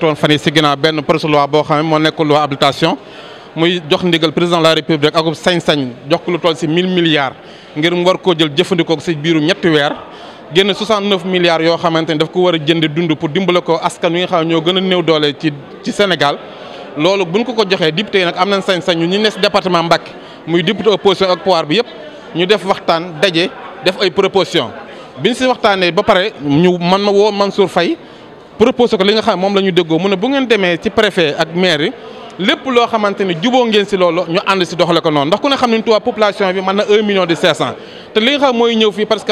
woon fan yi si benn projet loi boo xam moo nekk loi habilitation muy jox ndigal président de la république akub sañ-sañ jox ko lu toll si 1000 milliards ngir mu war koo jël jëfandikoo ko si biiru ñetti weer génn 69 milliards yoo xamante ni daf ko war a jënd dund pour dimbale ko askan wi nga xam ñoo gën a néew doole ci ci Sénégal loolu buñ ko ko joxee député yi nag am na sañ-sañ ñu ñu ne si département Mbacké muy député opposition ak pouvoir bi yëpp ñu def waxtaan daje def ay proposition biñ si waxtaanee ba pare ñu man ma woo Mansour Faye proposé ko li nga xam moom la ñu déggoo mu ne bu ngeen demee ci préfet ak maire lépp loo xamante ni juboo ngeen si loolu ñu ànd si doxale ko noonu ndax ku ne xam ne Touba population bi mën na 1 million de 500 te li nga xam mooy ñëw fii parce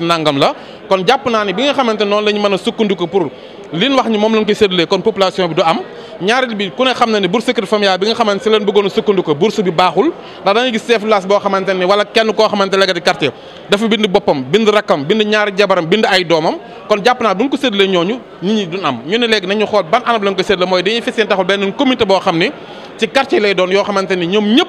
nangam la kon jàpp naa ne bi nga xamante noonu la mën a sukkandiku pour li wax ñu moom la koy séddalee kon population bi du am. ñaareel bi ku ne xam na ne bourse secret familial bi nga xamante si leen bëggoon a sukkandiku bourse bi baaxul ndax dañuy gis chef laas boo xamante ne wala kenn koo xamante léegi di quartier dafa bind boppam bind rakkam bind ñaari jabaram bind ay doomam kon jàpp naa bu ñu ko séddale ñooñu nit ñi duñ am ñu ne léegi nañu xool ban anam la ñu ko séddale mooy dañuy feseen taxul benn comité boo xam ne ci quartier lay doon yoo xamante ni ñoom ñëpp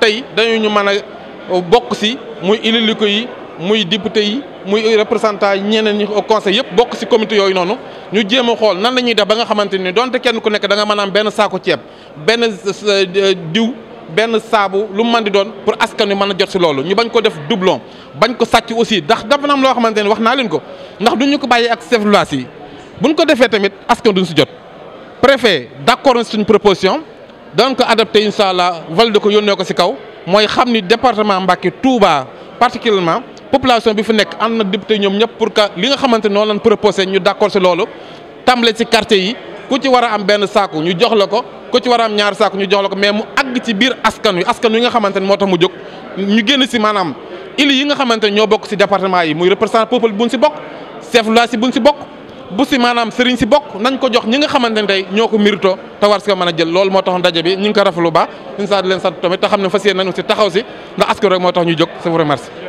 tey dañu ñu mën a bokk si muy illiliko yi muy député yi muy représentant ñeneen ñi au conseil yëpp bokk ci comité yooyu noonu ñu jéem a xool nan la ñuy def ba nga xamante ni donte kenn ku nekk danga nga a benn saako ceeb benn euh, diw benn saabu lu man di doon pour askan wi mën a jot si loolu ñu bañ ko def doublon bañ ko sàcc aussi ndax dafa na am loo xamante ni wax naa leen ko ndax du ñu ko bàyyee ak chef de bu buñ ko defee tamit askan duñ ci jot préfet d'accord na suñu proposition doon ko adopté incha allah valide ko yónnee kaw mooy xam ni département Mbacké Touba particulièrement population bi fi nekk ànd na député ñoom ñëpp pour que li nga xamante noonu lañ proposé ñu d'accord ci loolu am benn saaku ñu jox la ko ku ci a ñaar saaku ñu jox la ko mais mu àgg ci biir askan wi askan wi nga xamante ne moo tax mu ñu génn ci maanaam îles yi nga xamante ñoo bokk ci département yi muy représentant peuple buñ ci bokk chef bokk bu ci maanaam jox ñi nga xamante ne tey ñoo ko mérito te war moo taxoon daje ñu ngi ko rafetlu ba insha Allah leen sant tamit te xam ne fas yéene nañu ci taxaw ci ndax askan rek moo tax ñu jóg je vous remercie